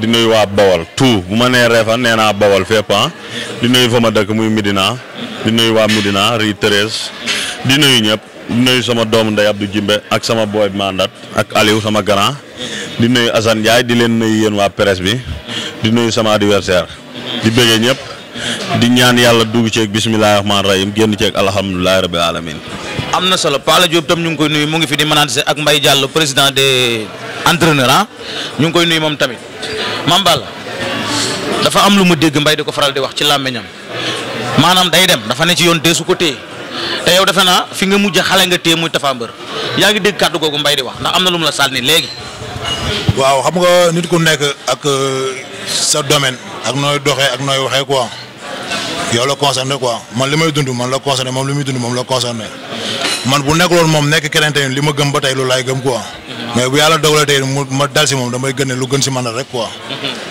di nuyu waa Bawol tout bu ma nee Réfane nee naa Bawol fépp ah di nuyu fa ma dëkk muy Midina di nuyu waa Midina Rue Thérèse di nuyu ñëpp di nuyu sama doomu ndey Abdou Jimbe ak sama boy mandat ak Aliou sama grand di nuyu Assane Ndiaye di leen nuyu yéen waa presse bi di nuyu sama adversaire di bëggee ñëpp di ñaan yàlla dugg ceeg bisimilah rahmaani rahim génn ceeg alhamdulilah rabbil alamin am na solo Pala Diop tam ñu ngi koy nuyu mu ngi fi di manaat ak Mbaye Diallo président entraîneur a ah. ñu ngi koy nuyu moom tamit Mame Balla dafa am lu ma dégg mbay di ko faral di wax ci làmmiñam maanaam day dem dafa ne ci yoon deesu ko téye te yow defe naa fi nga mujj xale nga téye muy Tapha Mbeur yaa ngi dégg kàddu googu mbay di wax ndax am na lu mu la sànni léegi. waaw xam nga nit ku nekk ak euh, sa domaine ak nooy doxee ak nooy waxee quoi yow la concerné quoi man li may dund man la concerné moom li muy dund moom la concerné man bu nekk loolu moom nekk keneen tey li ma gëm tey loolu laay mais bu yàlla dogalee tey mu ma dal si moom damay gën lu gën si man rek quoi.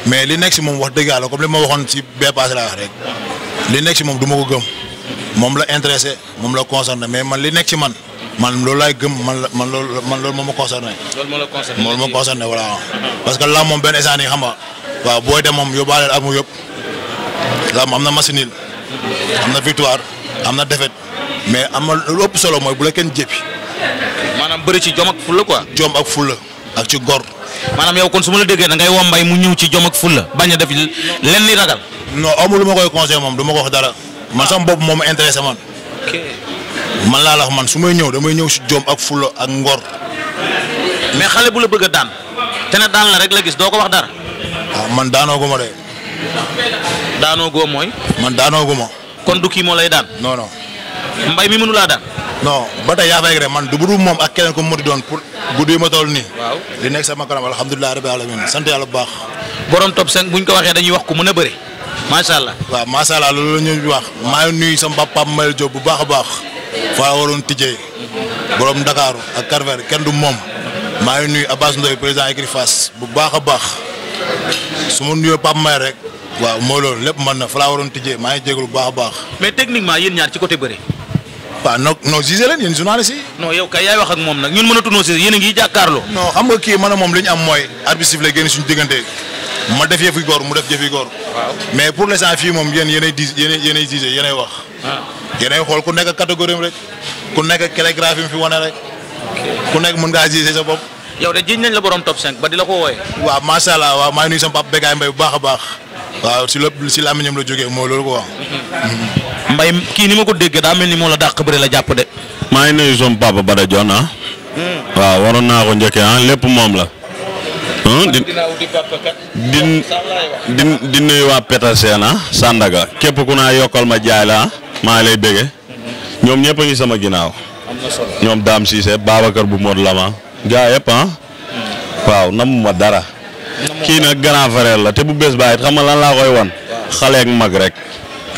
mais li nekk si moom wax dëgg yàlla comme li ma waxoon si bee paase laa rek. li nekk si moom du ma ko gëm. moom la intéressé moom la concerné mais man li nekk si man. man loolu laay gëm man la man loolu man loolu moo ma concerné. loolu moo la concerné loolu moo ma concerné voilà. parce que là moom benn instant nii xam nga. waaw booy dem moom yóbbaale amu yëpp. là am na machine am na victoire am na défaite mais am na lu ëpp solo mooy bu la kenn jéppi. maanaam bari ci jom ak fulla quoi. jom ak fulla ak ci gor. maanaam yow kon su ma la déggee da ngay woo mbay mu ñëw ci jom ak fulla bañ a def lenn li ragal. non amul lu ma koy conseil moom du wax dara. man sama moom intéressé man. man man su may ñëw damay ñëw si jom ak fulla ak ngor. mais xale bu la bëgg a daan. te ne rek la gis doo ko wax dara. Ah, man daanoo gu ma daanoo goo mooy. man daanoo gu ma. kon du kii moo lay daan. non non. mbay mi mënu laa daan. non ba tey yaa fay rek man du bu dul moom ak keneen ko mu mënti doon pour guddi ma toll nii. waaw li nekk sama kanam alhamdulilah rabbil alamin sant yàlla bu baax. borom top seen buñ ko waxee dañuy wax ku mën a bëri. macha allah waaw macha allah loolu la ñu maa ngi nuyu sama papa Mayel Diop bu baax a baax. faa waroon tijjee. borom Ndakaaru ak Carver kenn du moom. maa ngi nuyu Abbas Ndoye président écurie Fass bu baax a baax. su ma nuyoo Pape Mayel rek. waaw moo loolu lépp mën na fa laa waroon tijjee maa ngi jégalu bu baax baax. mais techniquement yéen ñaar ci côté bëri. waaw noo noo gisee leen yéen journaliste yi. non kay yaay wax moom nag ñun mënatunoo si yéen a ngi jàkkaarloo. non xam nga kii man a moom li ñu am mooy arbitre sifflé génn suñu diggante ma def yëfi góor mu def yëfi góor. waaw mais pour l'instant fii moom yéen yéenay di yéenay yéenay gisee yéenay wax. Ah. yéenay xool ku nekk catégorie rek ku nekk calligraphie fi wane rek ku nekk mën ngaa gisee sa bopp. yow de jiñ nañ la borom top 5 ba di la ko wooyee. waaw macha allah waaw maa ngi nuyu sama papa Bégaay Mbaye baax a baax si lépp si la jógee mooy loolu ko mbay kii ni ma ko déggee daa mel ni moo la dàq bëri la jàpp de. maa ngi nuyu sama papa Bada Dione ah. waaw waroon naa ko njëkkee ah lépp moom la. Hmm, di di di di nuyu waa Petersen ah Sandaga képp ku naa yokkal ma jaay la ah, maa lay bége ñoom ñëpp a sama ginnaaw. ñoom Dame Cissé Babacar bu Modou Lama gaa yëpp ah. waaw namu dara. kii nag grand frère la te bu bés baa it xam lan laa koy wan. xale ak mag rek.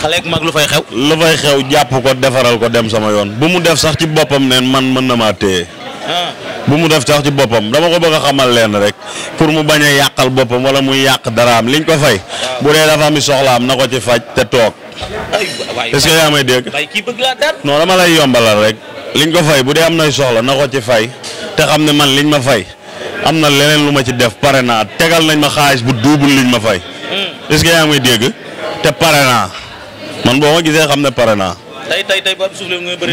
xale ak lu fay xew. lu fay xew jàpp ko defaral ko dem sama yoon bu mu def sax ci boppam neen man mën na maa téye. Ah. bu mu def sax ci boppam dama ko bëgg a xamal leen rek pour mu bañ a yàqal boppam wala muy yàq dara am liñ ko fay. bu dee dafa ami soxlaam na ko ci faj te toog. est-ce que yaa may dégg. rek. liñ ko fay bu dee am nay soxla na ko ci fay te xam ne man liñ ma fay am na leneen lu ma ci def pare naa tegal nañ ma xaalis bu duubul liñ ma fay. Hmm. est-ce yaa may dégg te pare naa man boo ma gisee xam ne pare naa. tey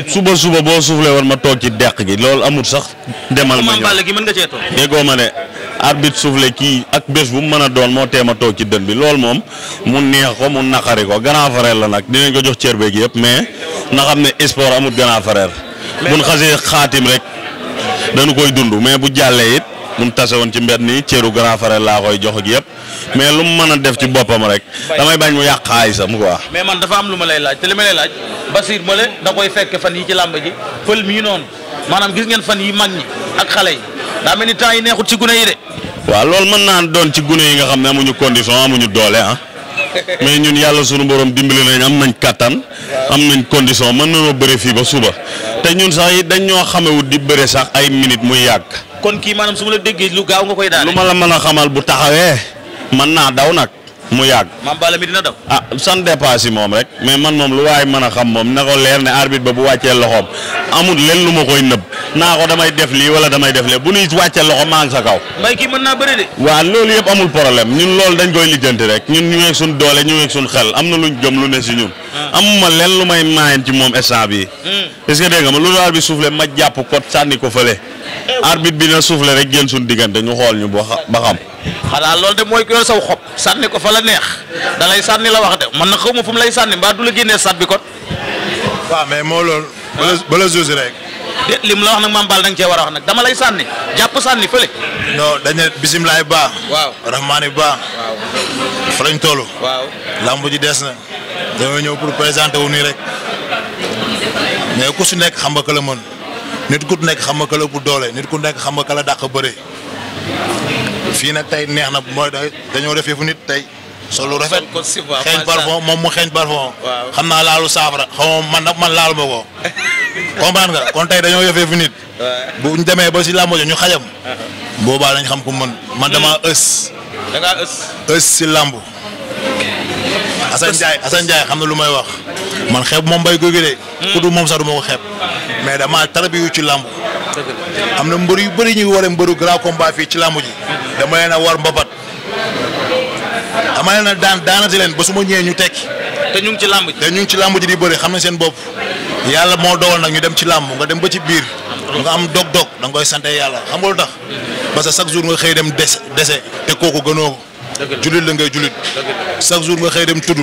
suba suba boo suufle woon ma toog ci deq gi loolu amul sax. demal ma ñëw gi mën nga cee toog. déggoo ma ne arbitre suufle kii ak bés bu mu mën a doon moo tee ma toog ci dën bi loolu moom mu neex ko mu naqari ko ganaa frère la nag dinañ ko jox cër beeg yëpp mais na xam ne sport amul grand frère. buñ xasee xaatim rek danu koy dund mais bu jàllee it. mun tase woon ci mbedd nii cëru grand frère laa koy jox ak yëpp mais lu mu mën a def ci boppam rek. damay bañ mu yàq xaalisam quoi. mais man dafa am lu ma lay laaj te li ma lay laaj Basir Mbale da koy fekk fan yi ci làmb ji fël mi noonu maanaam gis ngeen fan yi mag ñi ak xale yi daa mel ni temps yi neexut ci gune yi de. waaw lool mën naa doon ci gune yi nga xam ne amuñu condition amuñu doole ah. mais ñun yàlla sunu borom dimbali nañ am nañ kàttan am nañ condition mën nañoo bëre fii ba suba te ñun sax yi dañ ñoo xamewut di bëre sax ay minutes muy yàgg. kon kii maanaam su ma la déggee lu gaaw koy daal. lu ma la mën a xamal bu taxawee mën naa daw nag. mu yàgg. maam Balla mi dina daw. ah san dépasse moom rek mais man moom lu waay mën a xam moom na ko leer ne arbitre ba bu wàccee loxoom amul lenn lu ma koy nëb naa ko damay def lii wala damay def lee bu nuy wàccee loxo maa ngi sa kaw. mbay kii mën naa loolu yëpp amul problème ñun loolu dañ koy lijjanti rek ñun ñu ngeeg suñ doole ñu ngeeg suñ xel am na luñ jëm lu ne si ñun. Ah. amuma lenn lu may maayan ci moom instant bii. Hmm. est-ce que dégg nga ma loolu arbitre soufflé ma jàpp ko sànni ko fële. arbitre bi na soufflé rek génn suñu diggante ñu xool ñu ba xam. xanaa loolu de mooy yor saw xob sànni ko fa la neex da lay sànni la wax de man na xaw ma fu mu lay sànni mbaa du la génnee sat bi kon. waaw mais moo lool bala josi rek. li mu la wax nag maam Baal da war a wax nag dama lay sànni jàpp sànni fële. non dañ ne bisimilah baax. waaw rahmaani baax. waaw fa lañ toll. waaw lamb ji des na. dañoo ñëw pour présenter wu nii rek mais ku su nekk xam nga la mën. nit ku nekk xam nga ka bu doole nit ku nekk xam nga ka la dàq fii nag tey neex na mooy dañoo defee fu nit tey. solu rafet xeeñ parfum moom mu xeeñ parfum xam naa laalu saafara xaw man nag man laalu ma kon tey dañoo yëfee fi nit bu ñu demee ba si làmb jo ñu xajam uh-huh. boobaa dañ xam ku mën man dama hmm. ës ës ës si làmb Assane Ndiaye Assane xam na lu may wax man xeeb moom Mbaye Gouye Gui de hmm. ku dul moom sax du ma ko xeeb mais damaa tarbiyu ci làmb am na mbër yu bëri ñuy waree mbëru grand combat fii ci làmb ji dama leen a war mbapat dama leen a daan daanati leen ba su ma ñëwee ñu tekki te ñu ngi ci làmb ji te ci làmb ji di bëri xam na seen bopp yàlla moo dogal nag ñu dem ci làmb nga dem ba ci biir nga am dog-dog da koy sant yàlla xam nga lu tax hmm. parce que chaque jour nga xëy dem des dese te kooku gënoo julit la ngay julit chaque jour nga xëy dem tudd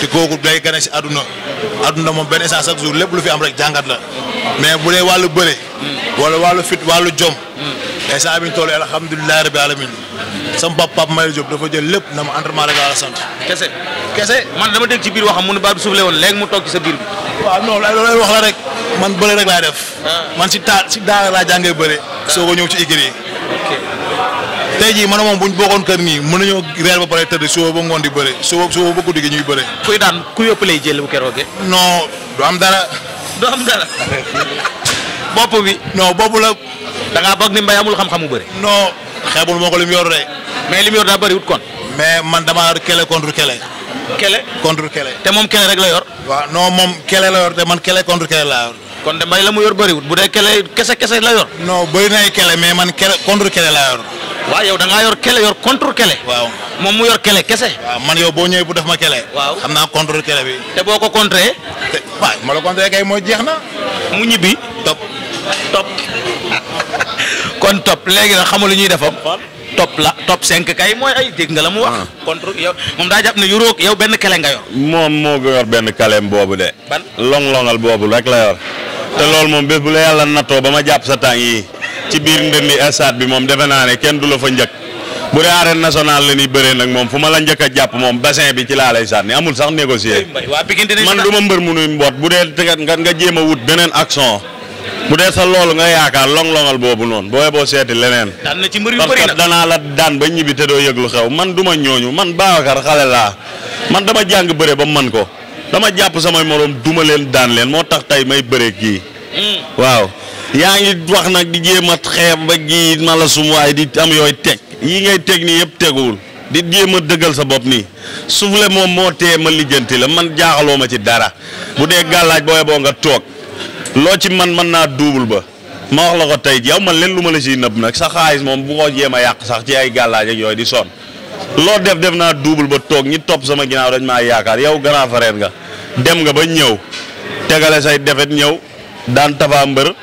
te kooku day gane si àdduna àdduna moom benn instant chaque jour lépp lu fi am rek jàngat la mais bu dee wàllu bëre hmm. wala wàllu fit wàllu jom hmm. instant bi ñu toll alhamdulilah rabbi alamin sama pap pap Maye Diop dafa jël lépp na ma entraînement rek laa la sant kese kese man dama dégg ci biir waxam mu nu baat bi suufle woon léegi mu toog ci sa biir bi waaw non loolu wax la rek man bëre rek laay def ah. man si taal si daara laa jàngee bëre ah. soo ko ñëw ci igri tey jii man moom buñ bokkoon kër nii mën nañoo reer ba pare tëdd suba ba ngoon di bëre suba suba ba guddi gi ñuy bëre. kuy daan ku yëpp lay jël bu keroogee. non du am dara. am dara. bopp bi. non bopp la. da ngaa bëgg ni mbay amul xam-xam bu bëri. noo xeebul moo ko lim yor de. mais lim yor daa bëriwut kon. mais man damaa yor kele contre kele. kele contre kele. te moom kele rek la yor. waaw non moom kele la yor te man kele contre kele laa yor. kon de mbay la mu yor bëriwut bu dee kele kese kese la yor. non bëri na ay mais man kele contre kele laa yor. waaw yow da yor kele yor contre kele. waaw moom mu yor kele kese. waaw man yow boo ñëwee bu def ma kele. waaw xam naa contre kele bi. te boo ko contré. te waaw ma la contré kay mooy jeex na. mu ñibbi. top top top léegi nag xamul lu ñuy defam. top la top 5 kay mooy ay dégg nga la mu wax. Ah. contre yow moom daa jàpp ne yuroo yow benn kele nga yor. moom moo ko yor benn kaleem boobu de. ban long longal boobu rek la yor. te loolu moom bés bu la yàlla nattoo ba ma jàpp sa tàng yii ci biir ndëndi stade bi moom defe naa ne kenn du la fa njëkk bu dee arène nationale la ñuy bëree nag moom fu ma la njëkk jàpp moom bassin bi ci laa lay sànni amul sax négocier man du ma mbër mu nuy mboot bu dee tegat nga nga jéem a wut beneen action bu dee sa loolu nga yaakaar long-longal boobu noonu boo boo seeti leneen. daan na ci mbër yu bëri nag parce que danaa la daan ba ñibbi te doo yëg lu xew man du ma ñooñu man Babacar xale laa man dama jàng bëre ba man ko dama jàpp samay morom duma leen daan leen moo tax tey may bëre kii hmm. yaa ngi wax nag di jéem a xeeb ba gi ma la sum waaye di am yooyu teg yi ngay teg nii yëpp teguwul di jéem a dëggal sa bopp nii soufflé moom moo tee ma lijjanti la man jaaxaloo ma ci dara bu dee gàllaaj booy boo nga toog loo ci man mën naa duubul ba ma wax la ko tey yow man leen lu ma la siy nëbb nag sa xaalis moom bu ko jéem a yàq sax ci ay gàllaaj ak yooyu di sonn loo def def naa duubul ba toog ñi topp sama ginaaw dañ maa yaakaar yow ganaa frère nga dem nga ba ñëw tegale say defet ñëw daan mbër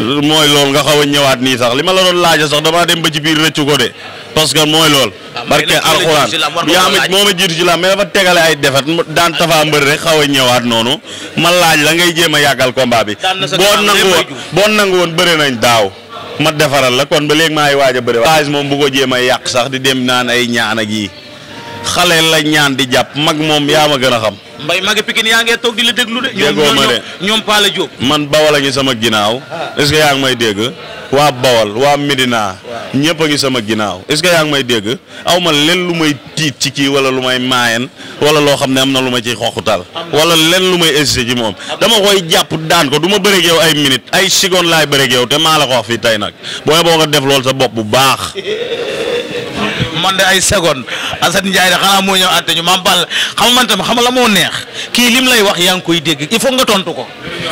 mooy lool nga xaw a ñëwaat nii sax li ma la doon laaja sax damaa dem ba ci biir rëccu ko de parce que mooy lool ah, barke alxuraan yaa ma moo ma jiitu ci mais dafa tegale ay defet daan tafaa mbër rek xaw a ñëwaat noonu ma laaj la ngay jéem a yàggal combat bi boo nangu woon boo nangu woon bëre nañ daaw ma defaral la kon ba léegi maa ngi waaj a bëri waaj moom bu ko jéem a yàq sax di dem naan ay ñaan ak yii xale la ñaan di jàpp mag moom yaa ma gën a xam mbay magi Pikine yaa ngee toog di la déglu de. de ñoom Pala Diop. man Bawal a ngi sama ginnaaw. Ah. est yaa ngi may dégg. waa Bawal waa Medina. ñëpp a ngi sama ginnaaw est-ce que yaa ngi may dégg aw ma len lu may tiit ci kii wala lu may maayen wala loo xam ne am na lu ma ciy xoxutal wala len lu may hésité ci moom. dama koy jàpp daan ko du ma bëreeg yow ay minutes ay secondes laay bëreeg yow te maa la ko fii tey nag booy boo nga def lool sa bopp bu baax. man de ay seconde Assane Ndiaye de xanaa moo ñëw àtte ñu maam Balla xam man tam xam la moo neex kii lim lay wax yaa ngi koy dégg il faut nga tontu ko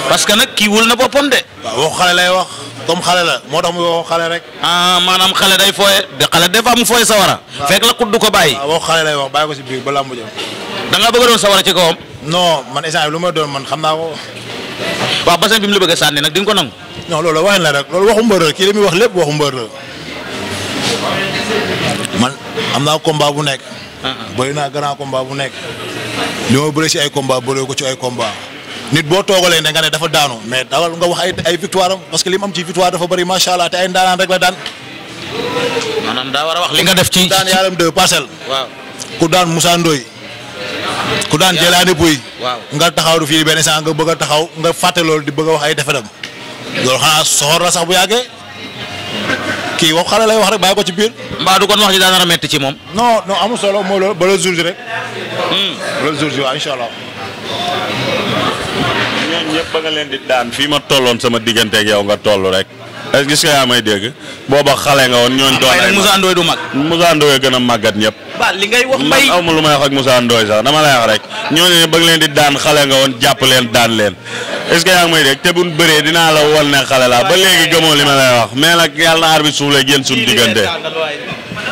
parce que nag kii wul na boppam de. waaw waxu xale lay wax comme xale la moo tax muy waxu xale rek. ah maanaam xale day fooye de xale des fois sawara. waaw fekk la kudd ko bàyyi. waaw waxu lay wax bàyyi ko si biir ba làmb jëm. da ngaa bëgg doon sawara ci kawam. non man instant lu ma doon man xam naa ko. waaw bassin bi mu la bëgg a sànni nag di nga ko nangu. non loolu waxin la rek loolu waxu mbër kii li muy wax lépp waxu mbër la man am naa combat bu nekk. Ah, ah. bëri naa grand combat bu nekk. li ma bëree ci ay combat bëree ko ci ay combat. nit boo toogalee ne dafa daanu mais dawal nga wax ay ay que li mu am ci victoire dafa bëri macha allah te ay ndaanaan rek la daan. daa war a wax li nga def ci. daan yaaram deux parcelles. waaw ku daan Moussa Ndoye. ku daan jëlaani buy waaw nga taxaw fii benn saa nga bëgg a taxaw nga fàtte loolu di bëgg wax ay defetam loolu xanaa soxor la sax bu yàggee. kii wax xale lay wax rek bàyyi ko ci biir. mbaa du kon wax ji daan na metti ci moom. non non amul solo mooy loolu ba le jour ji rek. Hmm. ba le jour ji waaw incha allah. ñooñu ba nga leen di daan fii ma tolloon sama digganteek yow nga toll rek. est yaa may dégg booba xale nga woon ñooñu. doon ay mag Moussa Ndoye du mag. Moussa Ndoye gën a màggat ñëpp. ba li ngay wax may man aw ma lu may wax ak Moussa Ndoye sax dama lay wax rek ñooñu ba nga leen di daan xale nga woon jàpp est-ce que yaa ngi may dégg te buñ bëree dinaa la wol ne xale laa ba léegi gëmoo li ma lay wax mais nag yàlla na arbitre suuf lay génn suñu diggante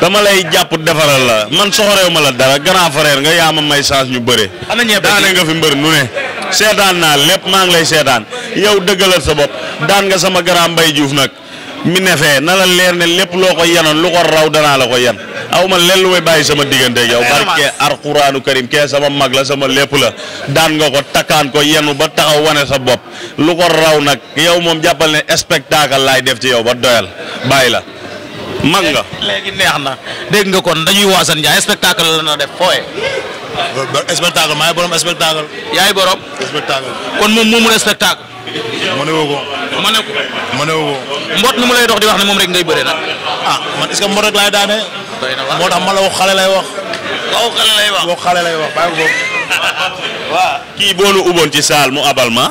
dama lay jàpp defaral la man soxoreew ma la dara grand frère nga yaa ma may chance ñu bëre. am na daane nga fi mbër nu ne. seetaan naa lépp maa ngi lay seetaan yow dëggalal sa bopp daan nga sama grand Mbaye Diouf nag mi ne fee na la leer ne lépp loo ko yanoon lu ko raw danaa la ko yan. aw ma lenn lu may bàyyi sama digganteeg yow. barke alquraanu karim kee sama mag la sama lépp la daan nga ko takkaan ko yenu ba taxaw wane sa bopp lu ko raw nag yow moom jàppal ne spectacle laay def ci yow ba doyal bàyyi la. mag nga léegi neex na dégg nga kon dañuy waasan Ndiaye spectacle la na def fooye. spectacle maay borom spectacle. yaay borom. spectacle kon moom moo mun spectacle. ma ne woo ko. ma ne ma ne woo ko. mu lay dox di wax ne moom rek ngay bëre nag. ah man est-ce rek laay daane. moo tax ma la wax xale lay wax. waaw lay wax wax xale ko waaw kii boo nu uboon ci saal mu abal ma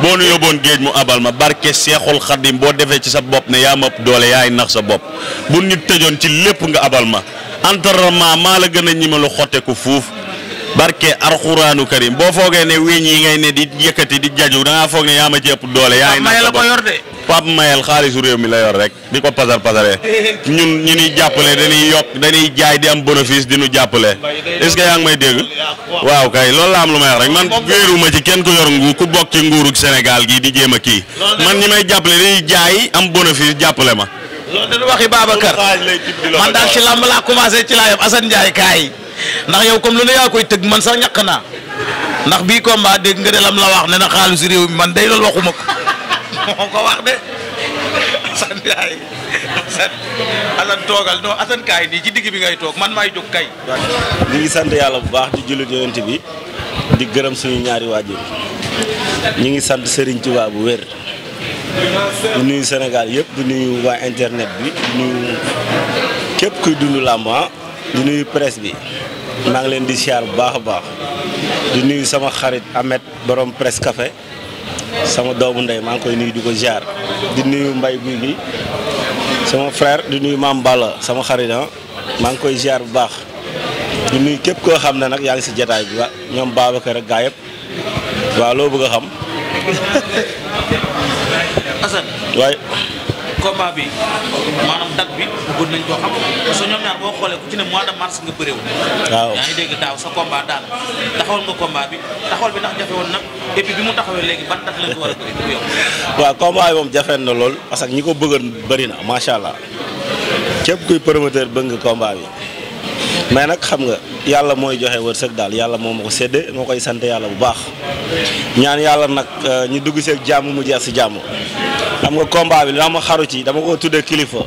boo nu yóbboon géej mu abal ma barke seexul xadim boo defee ci sa bopp ne yaa ma ëpp doole yaay nax sa bopp bu ñu tëjoon ci lépp nga abal ma entraînement maa la gën a ñimalu xotteku fuuf barke arxuraanu karim boo foogee ne weñ yi ngay ne di yëkkati di jaju da ngaa foog ne yaa ma ci ëpp doole. yaay nax sa bopp Pape Mayel xaalisu réew mi la yor rek di ko pasar pasaree ñun ñu ñuy jàppale dañuy yokk dañuy jaay di am bénéfice di jàppale est yaa ngi may dégg waaw kay loolu la am lu may wax rek man wéeruma ci kenn ku yor nguur ku bokk ci nguurug Sénégal gi di jéem a kii man ñi may jàppale dañuy jaay am bénéfice jàppale ma. loolu laa commencé ci laa yem Assane Ndiaye kaay ndax yow comme lu koy tëgg man sax ñàkk naa ndax bii combat dégg nga de lam la wax ne na xaalisu réew mi man day loolu waxuma ko moo ko wax de Assane yaay toogal non Assane kaay nii ci digg bi ngay toog man maay jóg kay. ñu ngi sant yàlla bu baax di jullit yonent bi di gërëm suñu ñaari waajur ñu ngi sant Serigne Touba bu wér. di nuyu senegal yëpp di nuyu waa internet bi di nuyu képp kuy dund làmba ah. di nuyu presse bi maa ngi leen di siyaar bu baax a baax di nuyu sama xarit Ahmed borom presse café sama doomu ndey maa ngi koy nuyu du ko ziar di nuyu mbay guy gi sama frère di nuyu maam Balla sama xarit ah. maa ngi koy ziar bu baax di nuyu képp koo xam ne nag yaa ngi si jataay bi waa ñoom Babacar ak gaa yëpp waaw loo bëgg a xam. Assane combat bi maanaam date bi bëgg nañ koo xam parce que ñoom ñaar boo xoolee ku ci ne mois de mars nga bëréew yaa ngi dégg daaw sa combat daal taxawal nga combat bi taxawal bi ndax jafe woon nag et bi mu taxawee léegi ban date lañ ko war a bëri na lool parce que ñi ko bëggoon bëri na macha allah képp kuy promoteur bëgg nga bi mais nag xam nga yàlla mooy joxe wërsëg daal yàlla moo ma ko séddee moo koy sant yàlla bu baax ñaan yàlla nag euh, ñu dugg seeg jàmm mu jeex si jàmm xam nga combat bi li ma xaru ci dama ko tuddee kilifa.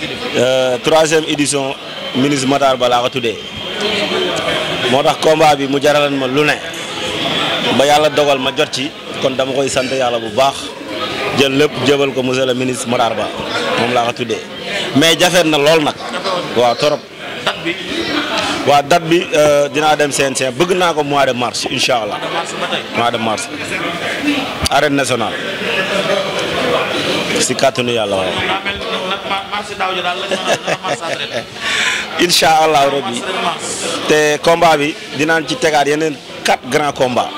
kilifa. Euh, troisième édition ministre Matar Ba laa ko tuddee moo tax combat bi mu jaralan ma lu ne ba yàlla dogal ma jot ci kon dama koy sant yàlla bu baax jël lépp jëbal ko monsieur le ministre Matar Ba moom laa ko tuddee mais jafeet na lool nag. waaw torop waa bi. waaw bi euh, dinaa dem CNC bëgg naa ko mois de mars incha allah. mois de mars arène nationale. si kàttanu yàlla waaye. incha allahu rabbi te combat bi dinaan ci tegaat yeneen quatre grands komba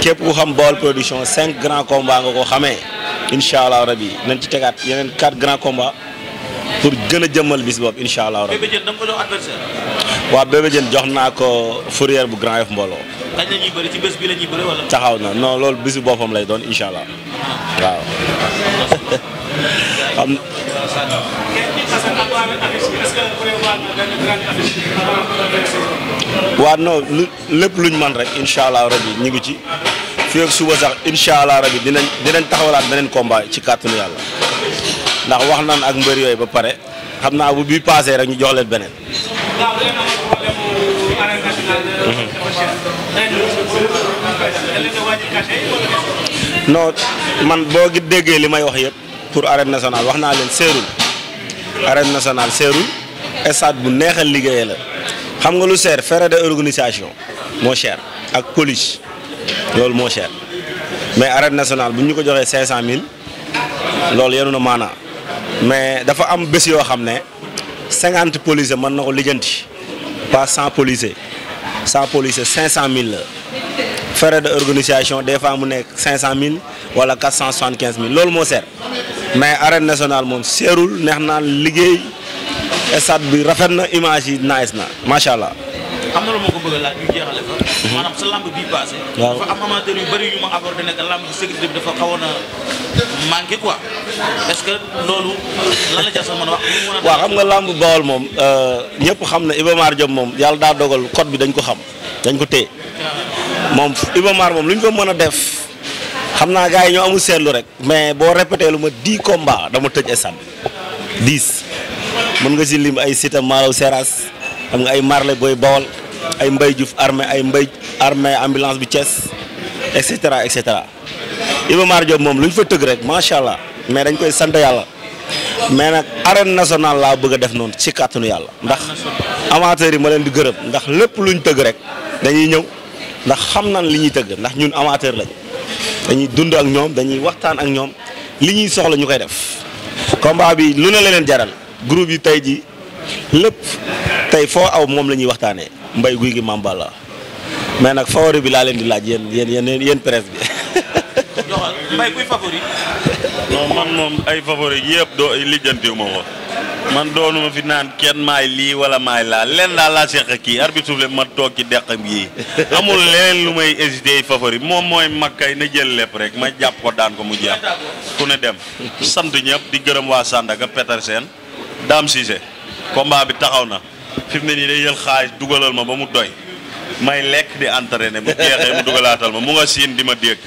képp ku xam Baol Production cinq grands combats nga ko xamee incha allahu rabbi nañ ci tegaat yeneen quatre grands komba pour gën a jëmmal bis boobu incha allahu rabbi. waaw Bébé jox naa ko fourrière bu Grand Yoff mbooloo. kañ la ñuy bëri ci taxaw na non loolu bisu boppam lay doon incha allah waaw. xam waaw non lépp luñ man rek incha allah rabi ñu ngi ci fii ak suba sax incha allah rabi dinañ dinañ taxawalaat beneen combat ci kàttanu yàlla ndax wax naan ak mbër yooyu ba pare xam naa bu bii paasee rek ñu jox leen beneen. non man boo gi déggee li may wax yëpp pour arène nationale wax naa leen seerul arène nationale seerul stade bu neexal liggéeyee la xam nga lu seer frais de organisation moo cher ak police loolu moo cher mais arène nationale bu ñu ko joxee cinq cent mille loolu yenu na maanaa mais dafa am bés yoo xam ne cinquante policiers mën na ko lijjanti pas cent policiers sans police cinq cent mille la frais de organisation des fois mu nekk cinq cent mille wala quatre cent soixante quinze loolu moo seer mais arène nationale moom seerul neex naa liggéey stade bi rafet na image yi nice na macha allah. am na lu ma ko bëgg laaj ñu jeexale fa. Mhm. maanaam sa lamb bii paase. waaw am amateur yu bëri yu ma abordé nekk lamb bi sécurité bi dafa xawoon a manqué quoi est que loolu waaw xam nga làmb Bawol moom euh, ñëpp xam ne Iba Mar moom yàlla daa dogal code bi dañ ko xam dañ ko téye moom Iba moom lu ñu ko mën a def xam naa gars yi ñoo amul seetlu rek mais boo répété lu ma 10 combats dama tëj stade bi 10 mën nga si lim ay Siteu Malaw Seras xam nga ay Marley Boy Bawol ay mbay Diouf armée ay mbay armée ambulance bi Thiès et cetera et cetera. Iba Mar Diop moom lu ñu fa tëgg rek macha allah mais dañ koy sant yàlla mais nag arène national laa bëgg a def noonu ci kattanu yàlla ndax amateurs yi ma leen di gërëm ndax lépp ñu tëgg rek dañuy ñëw ndax xam nañ li ñuy tëgg ndax ñun amateur lañ dañuy dund ak ñoom dañuy waxtaan ak ñoom li ñuy soxla ñu koy def combat bi lu ne la leen jaral groupe yi tey ji lépp tey foo aw moom la ñuy waxtaanee mbay guy gi mambala mais nag favori bi laa leen di laaj yéen yéen yéen yéen presse bi waxal Mbaye kuy favori. non man moom ay favori yëpp doo ay lijjantiw ma ko man doonuma fi naan kenn maay lii wala maay laa leen daal laa seq kii arbitre soufflé ma toog ci deqam yii amul leneen lu may hésité favori moom mooy makkay na jël lépp rek ma jàpp ko daan ko mu jeex ku ne dem sant ñëpp di gërëm waa Sandaga Petersen Dame Cissé bi taxaw na fi mu ne nii day jël xaalis dugalal ma ba mu doy may lekk di entraîné bu jeexee mu dugalaatal ma mu nga siin di ma dégg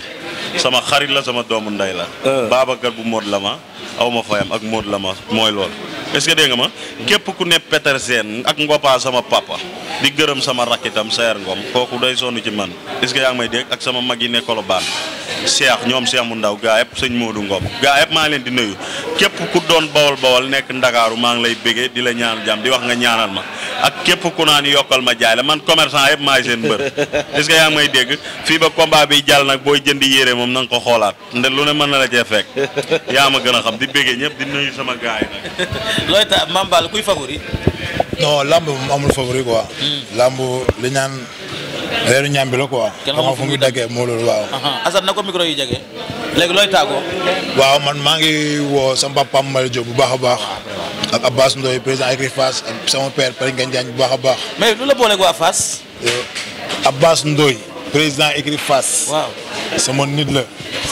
sama xarit la sama doomu ndey la. Ah. Babacar bu Mod la ma aw ma fayam ak Mod la ma mooy lool est-ce nga ma képp ku ne Petersen ak Ngopa sama papa di gërëm sama rakkitam Seer ngoom kooku day sonn ci man est-ce que yaa ngi may dégg ak sama mag yi ne Colobane Cheikh ñoom seex mu ndaw gaa yëpp sëñ Modou Ngom gaa maa leen di nuyu képp ku doon bawal bawal nekk Ndakaaru maa ngi lay bëggee di la ñaanal jàmm di wax nga ñaanal ma ak képp ku naan yokkal ma jaay la man commerçant yëpp maay seen mbër est yaa may dégg fii ba combat bi jàll nag booy jënd yére moom na nga ko xoolaat nde lu ne mën na la cee fekk yaa ma gën a xam di béggee ñëpp di nuyu sama gaay yi nag. looy tax Mame kuy favori. non lamb moom amul favori quoi. Hmm. lamb li ñaan. reeru ñaam bi la quoi. fu muy daggee moo loolu waaw. Assane na ko micro yi jege. léegi looy tàggoo. waaw man maa ngi woo sama papa Malick Diop bu baax a baax. ak Abbas Ndoye président écurie Fass sama père Pari Ngagne Diagne baax a baax. mais lu la booleeg waa Fass. Euh, Abbas Ndoye. président écurie Fass. waaw nit la.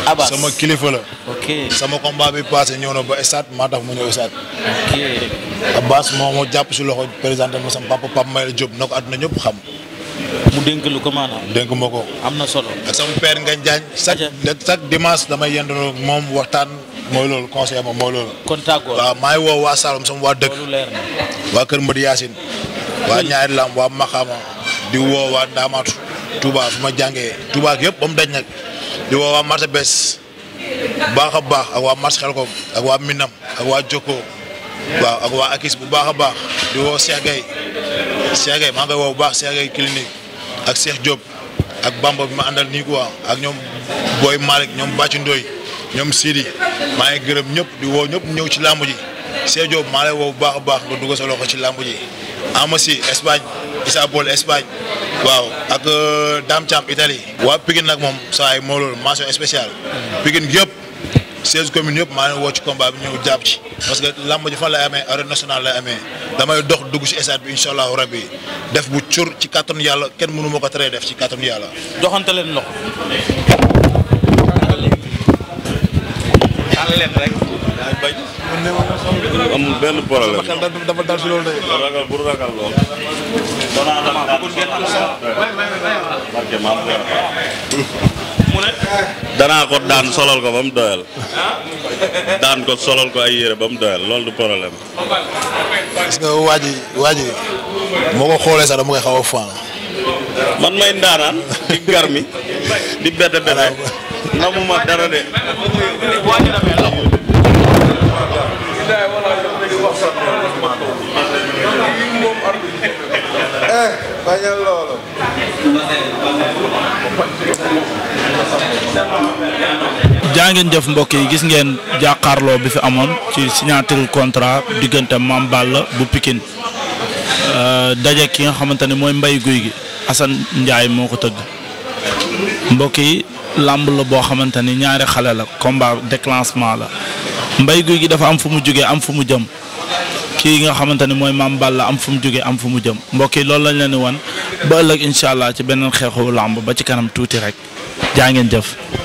Abbas sama kilifa la. ok sama combat bi passé ñëw na ba stade maa tax mu ñëw stade. Abbas moo jàpp si loxo présenté ma sama papa Pape Mayel Diop na ko àdduna ñëpp xam. mu dénk lu ko am na solo. ak sama père Ngagne Diagne. chaque chaque dimanche damay yendandoo moom waxtaan. mooy loolu conseil ma mooy loolu. kon tàggoo waa Saloum sama waa dëkk. loolu leer na Kër Mbadi Yacine. waa Ñaari Lam waa Maxama. di woo waa Ndaamaatu. Touba fu ma jàngee. yëpp ba mu daj di woo waa Bes. baax a baax ak waa marché Xelkom ak waa Minam ak waa Jokko. waaw ak waa Akis bu baax a baax. di woo Cheikh Gueye. Cheikh Gueye maa bu baax Cheikh Gueye ak Cheikh Diop ak Bamba bi ma àndal nii quoi ak ñoom booy Malick ñoom Bàcci Ndoy ñoom Sidi maa ngi gërëm ñëpp di woo ñëpp ñëw ci làmb ji Cheikh Diop maa lay woo bu baax a baax nga dugg sa loxo ci làmb ji Amasi Espagne Issa Bol Espagne waaw ak euh, dam Thiam Italie waa Pikine nag moom saa yi moo loolu mention spéciale Pikine seize communes yëpp maa leen woo ci combat bi ñëw jàpp ci parce que làmb ji lay amee arène nationale lay amee damay dox dugg ci stade bi incha allahu def bu cur ci kàttanu yàlla kenn mënu ma ko teree def ci kàttanu yàlla. doxante leen loxo. tàll leen rek. amul danaa ko daan solal ko ba mu doyal daan ko solal ko ay yére ba mu doyal loolu du problème. parce que waa ji waa ji moo ko xoolee sax dama koy xaw a faan. man may ndaanaan di garmi di bette bette namu ma dara de. eh jaa ngeen jëf mbokk yi gis ngeen jàkkaarloo bi fi amoon ci signature contrat diggante Mame Balla bu Pikine euh, daje ki nga xamante ne mooy mbay guy gi Assane njaay moo ko tëgg mbokk yi làmb la boo xamante ni ñaari xale la combat déclancement la mbay guy gi dafa am fu mu jógee am fu mu jëm. kii nga xamante ne mooy Mame Balla am fu mu jógee am fu mu jëm mbokki yi loolu lañ woon di ba ëllëg incha allah ci beneen xeexu làmb ba ci kanam tuuti rek jaa ngeen jëf.